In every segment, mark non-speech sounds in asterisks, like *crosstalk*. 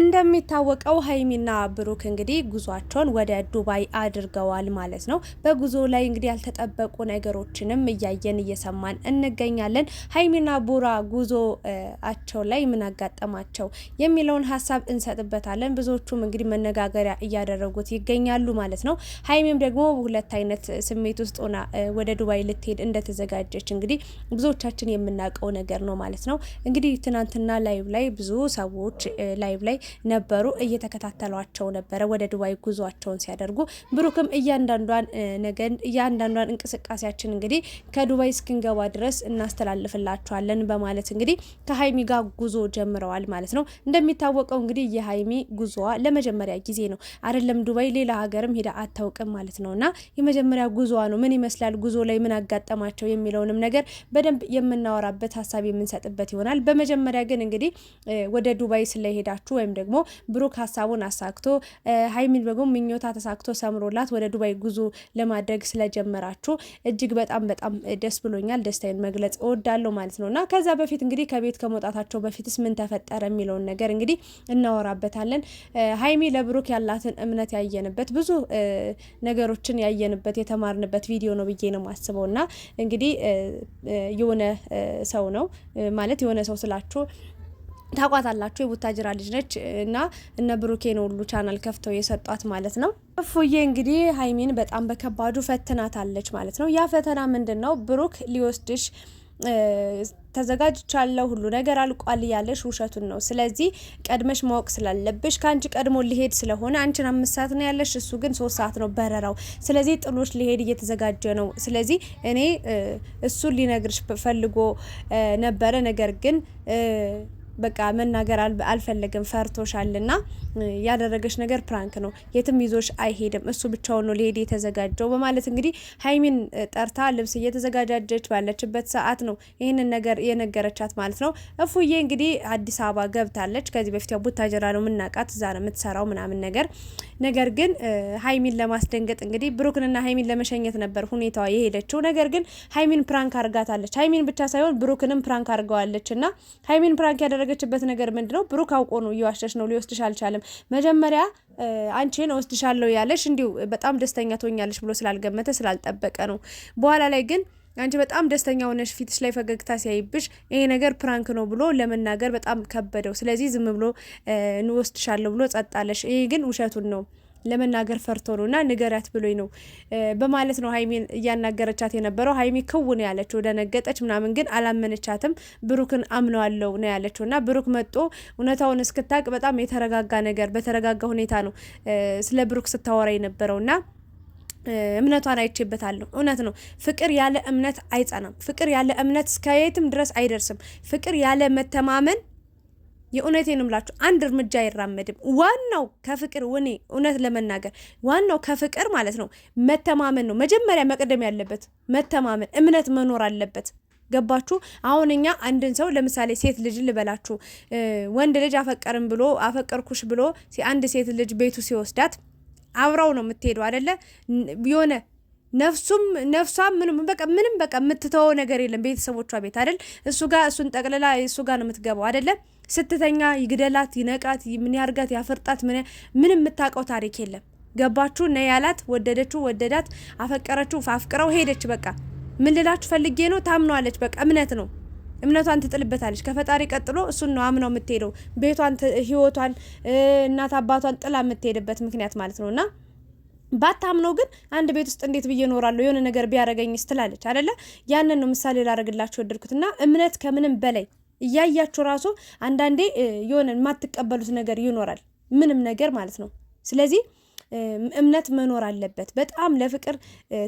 እንደሚታወቀው ሀይሚና ብሩክ እንግዲህ ጉዟቸውን ወደ ዱባይ አድርገዋል ማለት ነው። በጉዞ ላይ እንግዲህ ያልተጠበቁ ነገሮችንም እያየን እየሰማን እንገኛለን። ሀይሚና ቡራ ጉዞአቸው ላይ ምን አጋጠማቸው የሚለውን ሀሳብ እንሰጥበታለን። ብዙዎቹም እንግዲህ መነጋገሪያ እያደረጉት ይገኛሉ ማለት ነው። ሀይሚም ደግሞ ሁለት አይነት ስሜት ውስጥ ሆና ወደ ዱባይ ልትሄድ እንደተዘጋጀች እንግዲህ ብዙዎቻችን የምናውቀው ነገር ነው ማለት ነው። እንግዲህ ትናንትና ላይቭ ላይ ብዙ ሰዎች ላይቭ ላይ ነበሩ፣ እየተከታተሏቸው ነበረ ወደ ዱባይ ጉዟቸውን ሲያደርጉ። ብሩክም እያንዳንዷን ነገን እያንዳንዷን እንቅስቃሴያችን እንግዲህ ከዱባይ እስክንገባ ድረስ እናስተላልፍላቸዋለን በማለት እንግዲህ ከሀይሚ ጋር ጉዞ ጀምረዋል ማለት ነው። እንደሚታወቀው እንግዲህ የሀይሚ ጉዞዋ ለመጀመሪያ ጊዜ ነው አይደለም፣ ዱባይ ሌላ ሀገርም ሄዳ አታውቅም ማለት ነው እና የመጀመሪያ ጉዞዋ ነው። ምን ይመስላል ጉዞ ላይ ምን አጋጠማቸው የሚለውንም ነገር በደንብ የምናወራበት ሀሳብ የምንሰጥበት ይሆናል። በመጀመሪያ ግን እንግዲህ ወደ ዱባይ ስለሄዳችሁ ወይም ወይም ደግሞ ብሩክ ሀሳቡን አሳክቶ ሀይሚን በጎ ምኞታ ተሳክቶ ሰምሮላት ወደ ዱባይ ጉዞ ለማድረግ ስለጀመራችሁ እጅግ በጣም በጣም ደስ ብሎኛል። ደስታዬን መግለጽ እወዳለሁ ማለት ነው እና ከዛ በፊት እንግዲህ ከቤት ከመውጣታቸው በፊትስ ምን ተፈጠረ የሚለውን ነገር እንግዲህ እናወራበታለን። ሀይሚ ለብሩክ ያላትን እምነት ያየንበት ብዙ ነገሮችን ያየንበት የተማርንበት ቪዲዮ ነው ብዬ ነው የማስበው እና እንግዲህ የሆነ ሰው ነው ማለት የሆነ ሰው ስላችሁ ታቋታላችሁ የቡታጅራ ልጅ ነች እና እነ ብሩኬን ሁሉ ቻናል ከፍተው የሰጧት ማለት ነው። እፉዬ እንግዲህ ሀይሚን በጣም በከባዱ ፈትናታለች ማለት ነው። ያ ፈተና ምንድን ነው? ብሩክ ሊወስድሽ ተዘጋጅቻለሁ ሁሉ ነገር አልቋል እያለሽ ውሸቱን ነው። ስለዚህ ቀድመሽ ማወቅ ስላለብሽ ከአንቺ ቀድሞ ሊሄድ ስለሆነ አንቺን አምስት ሰዓት ነው ያለሽ፣ እሱ ግን ሶስት ሰዓት ነው በረራው። ስለዚህ ጥሎሽ ሊሄድ እየተዘጋጀ ነው። ስለዚህ እኔ እሱን ሊነግርሽ ፈልጎ ነበረ ነገር ግን በቃ መናገር አልፈለግም ፈርቶሻልና ያደረገች ነገር ፕራንክ ነው፣ የትም ይዞች አይሄድም፣ እሱ ብቻውን ነው ሊሄድ የተዘጋጀው በማለት እንግዲህ ሀይሚን ጠርታ ልብስ እየተዘጋጃጀች ባለችበት ሰዓት ነው ይህንን ነገር የነገረቻት ማለት ነው። እፉዬ እንግዲህ አዲስ አበባ ገብታለች። ከዚህ በፊት ቡታጀራ ነው የምናውቃት፣ እዛ ነው የምትሰራው ምናምን ነገር ነገር ግን ሀይሚን ለማስደንገጥ እንግዲህ ብሩክንና ሀይሚን ለመሸኘት ነበር ሁኔታዋ የሄደችው። ነገር ግን ሀይሚን ፕራንክ አርጋታለች። ሀይሚን ብቻ ሳይሆን ብሩክንም ፕራንክ አርገዋለች እና ሀይሚን ፕራንክ ያደረገ ያደረገችበት ነገር ምንድን ነው? ብሩክ አውቆ ነው እየዋሸሽ ነው፣ ሊወስድሽ አልቻለም። መጀመሪያ አንቺን እወስድሻለሁ ያለሽ እንዲሁ በጣም ደስተኛ ትሆኛለሽ ብሎ ስላልገመተ ስላልጠበቀ ነው። በኋላ ላይ ግን አንቺ በጣም ደስተኛ ሆነሽ ፊትሽ ላይ ፈገግታ ሲያይብሽ ይሄ ነገር ፕራንክ ነው ብሎ ለመናገር በጣም ከበደው። ስለዚህ ዝም ብሎ እንወስድሻለሁ ብሎ ጸጣለሽ። ይሄ ግን ውሸቱን ነው። ለመናገር ፈርቶ ነው እና ንገሪያት ብሎኝ ነው በማለት ነው ሀይሜን እያናገረቻት የነበረው። ሀይሜ ክው ነው ያለችው፣ ደነገጠች ምናምን፣ ግን አላመነቻትም። ብሩክን አምነዋለው ነው ያለችው እና ብሩክ መጦ እውነታውን እስክታቅ በጣም የተረጋጋ ነገር በተረጋጋ ሁኔታ ነው ስለ ብሩክ ስታወራ የነበረው እና እምነቷን አይቼበታለሁ። እውነት ነው። ፍቅር ያለ እምነት አይጸናም። ፍቅር ያለ እምነት እስከየትም ድረስ አይደርስም። ፍቅር ያለ መተማመን የእውነቴን እምላችሁ አንድ እርምጃ አይራመድም። ዋናው ከፍቅር ወኔ እውነት ለመናገር ዋናው ከፍቅር ማለት ነው መተማመን ነው። መጀመሪያ መቅደም ያለበት መተማመን፣ እምነት መኖር አለበት። ገባችሁ? አሁን እኛ አንድን ሰው ለምሳሌ ሴት ልጅ ልበላችሁ፣ ወንድ ልጅ አፈቀርም ብሎ አፈቀርኩሽ ብሎ አንድ ሴት ልጅ ቤቱ ሲወስዳት አብረው ነው የምትሄደው አደለ? የሆነ ነፍሱም ነፍሷም ምንም በቃ ምንም በቃ የምትተወው ነገር የለም። ቤተሰቦቿ ቤት አይደል እሱ ጋር እሱን ጠቅልላ እሱ ጋር ነው የምትገባው አይደለም። ስትተኛ ይግደላት፣ ይነቃት፣ ምን ያርጋት፣ ያፈርጣት፣ ምንም የምታውቀው ታሪክ የለም። ገባችሁ ነ ያላት ወደደችሁ፣ ወደዳት፣ አፈቀረችሁ፣ አፍቅረው ሄደች። በቃ ምን ልላችሁ ፈልጌ ነው፣ ታምኗለች። በቃ እምነት ነው እምነቷን ትጥልበታለች። ከፈጣሪ ቀጥሎ እሱን ነው አምነው የምትሄደው ቤቷን፣ ህይወቷን፣ እናት አባቷን ጥላ የምትሄድበት ምክንያት ማለት እና ባታምነው ግን አንድ ቤት ውስጥ እንዴት ብዬ እኖራለሁ የሆነ ነገር ቢያደርገኝ ስትላለች አደለ? ያንን ነው ምሳሌ ላደርግላችሁ ወደድኩትና እምነት ከምንም በላይ እያያችሁ ራሱ አንዳንዴ የሆነ የማትቀበሉት ነገር ይኖራል፣ ምንም ነገር ማለት ነው። ስለዚህ እምነት መኖር አለበት። በጣም ለፍቅር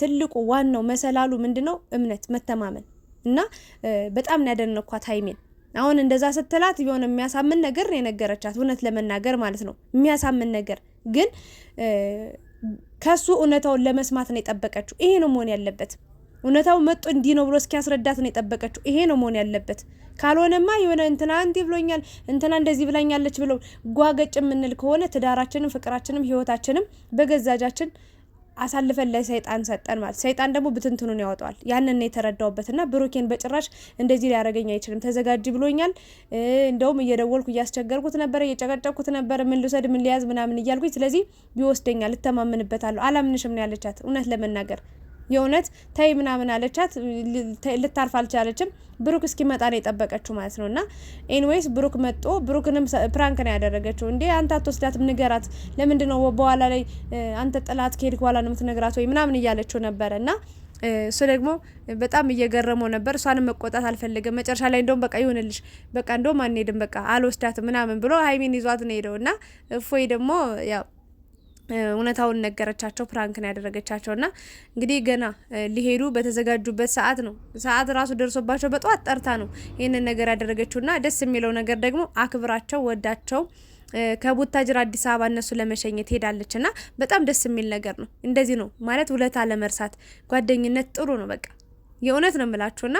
ትልቁ ዋናው መሰላሉ ምንድን ነው? እምነት፣ መተማመን እና በጣም ነው ያደነኳት ሀይሜን። አሁን እንደዛ ስትላት የሆነ የሚያሳምን ነገር የነገረቻት እውነት ለመናገር ማለት ነው የሚያሳምን ነገር ግን ከሱ እውነታውን ለመስማት ነው የጠበቀችው። ይሄ ነው መሆን ያለበት። እውነታው መጥቶ እንዲህ ነው ብሎ እስኪያስረዳት ነው የጠበቀችው። ይሄ ነው መሆን ያለበት። ካልሆነማ የሆነ እንትና እንዲህ ብሎኛል፣ እንትና እንደዚህ ብላኛለች ብለው ጓገጭ የምንል ከሆነ ትዳራችንም፣ ፍቅራችንም፣ ህይወታችንም በገዛጃችን አሳልፈን ለሰይጣን ሰጠን ማለት ሰይጣን ደግሞ ብትንትኑን ያወጣዋል። ያንን የተረዳውበትና ብሩኬን በጭራሽ እንደዚህ ሊያደርገኝ አይችልም፣ ተዘጋጅ ብሎኛል። እንደውም እየደወልኩ እያስቸገርኩት ነበረ፣ እየጨቀጨኩት ነበረ፣ ምን ልውሰድ፣ ምን ሊያዝ ምናምን እያልኩኝ። ስለዚህ ቢወስደኛል፣ እተማመንበታለሁ፣ አላምንሽም ነው ያለቻት እውነት ለመናገር የእውነት ተይ ምናምን አለቻት። ልታርፍ አልቻለችም። ብሩክ እስኪመጣ ነው የጠበቀችው ማለት ነው። እና ኤኒዌይስ ብሩክ መጦ ብሩክንም ፕራንክ ነው ያደረገችው። እንዴ አንተ አትወስዳትም፣ ንገራት። ለምንድን ነው በኋላ ላይ አንተ ጥላት ከሄድክ በኋላ ነው የምትነግራት ወይ ምናምን እያለችው ነበረ እና እሱ ደግሞ በጣም እየገረመው ነበር። እሷንም መቆጣት አልፈለገም። መጨረሻ ላይ እንደውም በቃ ይሆንልሽ፣ በቃ እንደውም አንሄድም፣ በቃ አልወስዳትም ምናምን ብሎ ሀይሚን ይዟት ነው ሄደው እና እፎይ ደግሞ ያው እውነታውን ነገረቻቸው። ፕራንክን ያደረገቻቸው እና እንግዲህ ገና ሊሄዱ በተዘጋጁበት ሰዓት ነው ሰዓት ራሱ ደርሶባቸው በጠዋት ጠርታ ነው ይህንን ነገር ያደረገችው። እና ደስ የሚለው ነገር ደግሞ አክብራቸው ወዳቸው ጅር አዲስ አበባ እነሱ ለመሸኘት ሄዳለች እና በጣም ደስ የሚል ነገር ነው። እንደዚህ ነው ማለት ውለታ ለመርሳት ጓደኝነት ጥሩ ነው በቃ የእውነት ነው የምላችሁና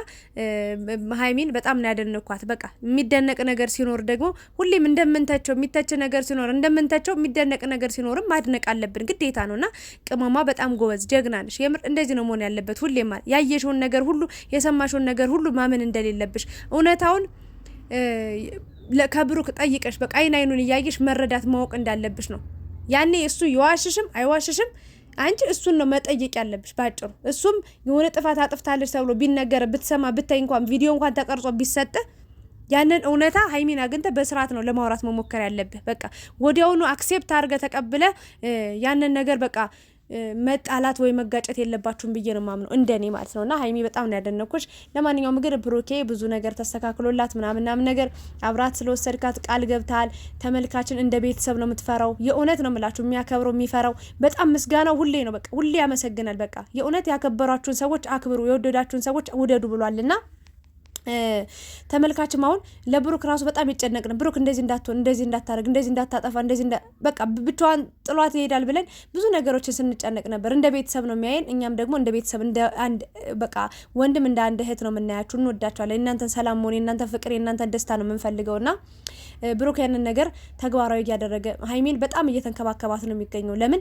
ሀይሚን በጣም ነው ያደነኳት። በቃ የሚደነቅ ነገር ሲኖር ደግሞ ሁሌም እንደምንተቸው የሚተች ነገር ሲኖር እንደምንተቸው የሚደነቅ ነገር ሲኖርም ማድነቅ አለብን ግዴታ እና ቅመማ በጣም ጎበዝ ጀግና ነሽ። የምር እንደዚህ ነው መሆን ያለበት። ሁሌም ያየሽውን ነገር ሁሉ የሰማሽውን ነገር ሁሉ ማመን እንደሌለብሽ እውነታውን ከብሩክ ጠይቀሽ በቃ አይን አይኑን እያየሽ መረዳት ማወቅ እንዳለብሽ ነው። ያኔ እሱ የዋሽሽም አይዋሽሽም አንቺ እሱን ነው መጠየቅ ያለብሽ ባጭሩ። እሱም የሆነ ጥፋት አጥፍታለች ተብሎ ቢነገር ብትሰማ ብታይ እንኳን ቪዲዮ እንኳን ተቀርጾ ቢሰጥ ያንን እውነታ ሀይሚን አግኝተህ በስርዓት ነው ለማውራት መሞከር ያለብህ። በቃ ወዲያውኑ አክሴፕት አድርገህ ተቀብለህ ያንን ነገር በቃ መጣላት ወይ መጋጨት የለባችሁም ብዬ ነው ማምነው እንደኔ ማለት ነው። እና ሀይሚ በጣም ነው ያደነኩሽ። ለማንኛውም ግን ብሩኬ ብዙ ነገር ተስተካክሎላት ምናምን ምናምን ነገር አብራት ስለወሰድካት ቃል ገብታል ተመልካችን እንደ ቤተሰብ ነው የምትፈራው። የእውነት ነው የምላችሁ የሚያከብረው የሚፈራው በጣም ምስጋናው ሁሌ ነው። በቃ ሁሌ ያመሰግናል። በቃ የእውነት ያከበሯችሁን ሰዎች አክብሩ፣ የወደዳችሁን ሰዎች ውደዱ ብሏልና ተመልካችም አሁን ለብሩክ ራሱ በጣም ይጨነቅ ነው። ብሩክ እንደዚህ እንዳትሆን፣ እንደዚህ እንዳታደርግ፣ እንደዚህ እንዳታጠፋ፣ እንደዚህ በቃ ብቻዋን ጥሏት ይሄዳል ብለን ብዙ ነገሮችን ስንጨነቅ ነበር። እንደ ቤተሰብ ነው የሚያየን። እኛም ደግሞ እንደ ቤተሰብ እንደ አንድ በቃ ወንድም እንደ አንድ እህት ነው የምናያችሁ። እንወዳቸዋለን። እናንተ ሰላም መሆን፣ እናንተ ፍቅር፣ እናንተ ደስታ ነው የምንፈልገው እና ብሩክ ያንን ነገር ተግባራዊ እያደረገ ሀይሜን በጣም እየተንከባከባት ነው የሚገኘው። ለምን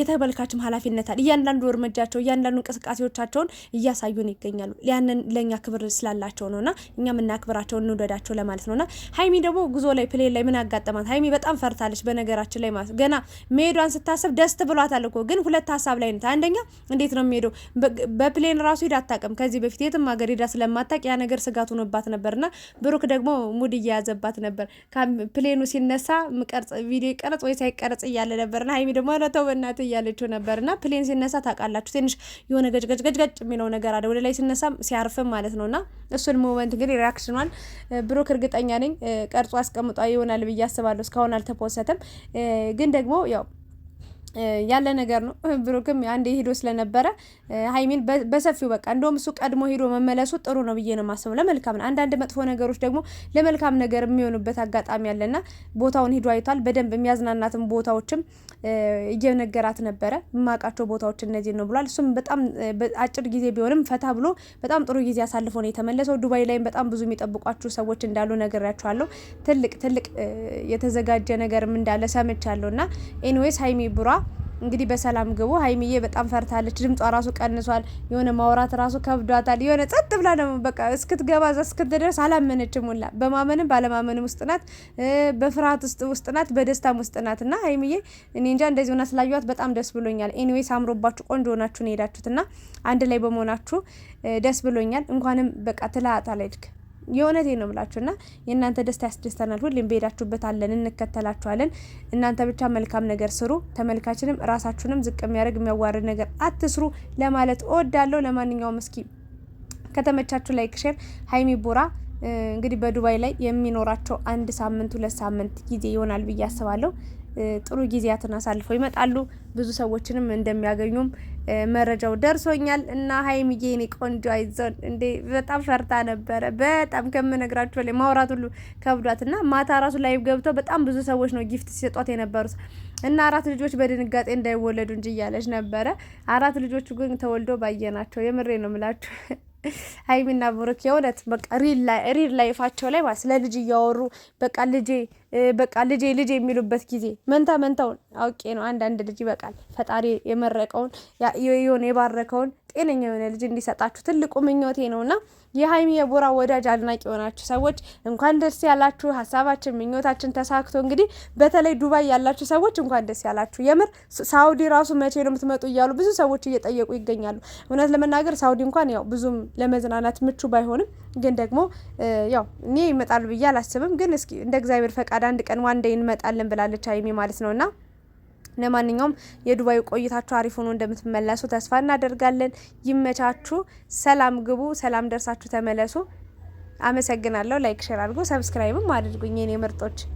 የተመልካችም ኃላፊነት አለ። እያንዳንዱ እርምጃቸው፣ እያንዳንዱ እንቅስቃሴዎቻቸውን እያሳዩን ይገኛሉ። ያንን ለእኛ ክብር ስላላቸው ነው ነውና እኛም እናክብራቸው እንውደዳቸው ለማለት ነውና ሀይሚ ደግሞ ጉዞ ላይ ፕሌን ላይ ምን አጋጠማት? ሀይሚ በጣም ፈርታለች በነገራችን ላይ ማለት ገና መሄዷን ስታስብ ደስት ብሏታል እኮ ግን ሁለት ሀሳብ ላይ ነት። አንደኛ እንዴት ነው የሚሄደው በፕሌን ራሱ ሄዳ አታውቅም ከዚህ በፊት የትም ሀገር ሄዳ ስለማታውቅ ያ ነገር ስጋት ሆኖባት ነበርና ብሩክ ደግሞ ሙድ እየያዘባት ነበር ፕሌኑ ሲነሳ ቀርጽ ቪዲዮ ቀረጽ ወይ ሳይቀረጽ እያለ ነበርና ሀይሚ ደግሞ ረተው በእናት እያለችው ነበርና ፕሌን ሲነሳ ታውቃላችሁ ትንሽ የሆነ ገጭ ገጭ ገጭ የሚለው ነገር አለ ወደ ላይ ሲነሳ ሲያርፍም ማለት ነውና እሱን ሞመንት እንግዲህ ሪያክሽኗን ብሩክ እርግጠኛ ነኝ ቀርጾ አስቀምጧ ይሆናል ብዬ አስባለሁ። እስካሁን አልተፖሰተም ግን ደግሞ ያው ያለ ነገር ነው። ብሩክም አንዴ ሄዶ ስለነበረ ሀይሚን በሰፊው በቃ እንደውም እሱ ቀድሞ ሄዶ መመለሱ ጥሩ ነው ብዬ ነው የማስበው። ለመልካም ነው። አንዳንድ መጥፎ ነገሮች ደግሞ ለመልካም ነገር የሚሆኑበት አጋጣሚ ያለና ቦታውን ሄዶ አይቷል። በደንብ የሚያዝናናትን ቦታዎችም እየነገራት ነበረ። የማውቃቸው ቦታዎች እነዚህ ነው ብሏል። እሱም በጣም አጭር ጊዜ ቢሆንም ፈታ ብሎ በጣም ጥሩ ጊዜ አሳልፎ ነው የተመለሰው። ዱባይ ላይም በጣም ብዙ የሚጠብቋችሁ ሰዎች እንዳሉ ነግሬያችኋለሁ። ትልቅ ትልቅ የተዘጋጀ ነገርም እንዳለ ሰምቻለሁ። እና ኤኒዌይስ ሀይሚ ብሯ እንግዲህ በሰላም ግቡ። ሀይሚዬ በጣም ፈርታለች። ድምጿ ራሱ ቀንሷል። የሆነ ማውራት ራሱ ከብዷታል። የሆነ ጸጥ ብላ ደግሞ በቃ እስክትገባ እዛ እስክትደርስ አላመነችም ሁላ። በማመንም ባለማመንም ውስጥ ናት፣ በፍርሃት ውስጥ ናት፣ በደስታም ውስጥ ናት። እና ሀይሚዬ እኔ እንጃ እንደዚህ ሆና ስላየኋት በጣም ደስ ብሎኛል። ኤኒዌይስ ሳምሮባችሁ ቆንጆ ሆናችሁ ነው የሄዳችሁት እና አንድ ላይ በመሆናችሁ ደስ ብሎኛል። እንኳንም በቃ ትላታ ላይ የእውነቴ ነው የምላችሁ ና የእናንተ ደስታ ያስደስተናል። ሁሌም በሄዳችሁበት አለን፣ እንከተላችኋለን። እናንተ ብቻ መልካም ነገር ስሩ። ተመልካችንም ራሳችሁንም ዝቅ የሚያደርግ የሚያዋርድ ነገር አትስሩ ለማለት እወዳለሁ። ለማንኛውም እስኪ ከተመቻችሁ ላይክ፣ ሼር ሀይሚ ቡራ እንግዲህ በዱባይ ላይ የሚኖራቸው አንድ ሳምንት ሁለት ሳምንት ጊዜ ይሆናል ብዬ አስባለሁ። ጥሩ ጊዜያትን አሳልፈው ይመጣሉ። ብዙ ሰዎችንም እንደሚያገኙም መረጃው ደርሶኛል። እና ሀይሚዬ እኔ ቆንጆ አይዞን እንዴ! በጣም ፈርታ ነበረ። በጣም ከምነግራችሁ ላይ ማውራት ሁሉ ከብዷት እና ማታ ራሱ ላይ ገብተው በጣም ብዙ ሰዎች ነው ጊፍት ሲሰጧት የነበሩት እና አራት ልጆች በድንጋጤ እንዳይወለዱ እንጂ እያለች ነበረ። አራት ልጆቹ ግን ተወልዶ ባየናቸው። የምሬ ነው ምላችሁ *laughs* ሀይሚና ብሩክ የእውነት በቃ ሪል ላይፋቸው ላይ ስለ ልጅ እያወሩ በቃ ልጄ በቃ ልጄ ልጄ የሚሉበት ጊዜ መንታ መንታውን አውቄ ነው። አንዳንድ ልጅ ይበቃል። ፈጣሪ የመረቀውን የሆነ የባረከውን ጤነኛ የሆነ ልጅ እንዲሰጣችሁ ትልቁ ምኞቴ እና የሀይሚ የቦራ ወዳጅ አድናቂ የሆናችሁ ሰዎች እንኳን ደስ ያላችሁ። ሀሳባችን ምኞታችን ተሳክቶ እንግዲህ በተለይ ዱባይ ያላችሁ ሰዎች እንኳን ደስ ያላችሁ። የምር ሳውዲ ራሱ መቼ ነው የምትመጡ እያሉ ብዙ ሰዎች እየጠየቁ ይገኛሉ። እውነት ለመናገር ሳውዲ እንኳን ያው ብዙም ለመዝናናት ምቹ ባይሆንም ግን ደግሞ ያው እኔ ይመጣሉ ብዬ አላስብም። ግን እስኪ እንደ እግዚአብሔር ፈቃድ አንድ ቀን ዋንዴ እንመጣለን ብላለች ሀይሚ ማለት ነውና ለማንኛውም የዱባይ ቆይታችሁ አሪፍ ሆኖ እንደምትመለሱ ተስፋ እናደርጋለን። ይመቻችሁ። ሰላም ግቡ፣ ሰላም ደርሳችሁ ተመለሱ። አመሰግናለሁ። ላይክ ሼር አድርጉ፣ ሰብስክራይብም አድርጉኝ የኔ ምርጦች።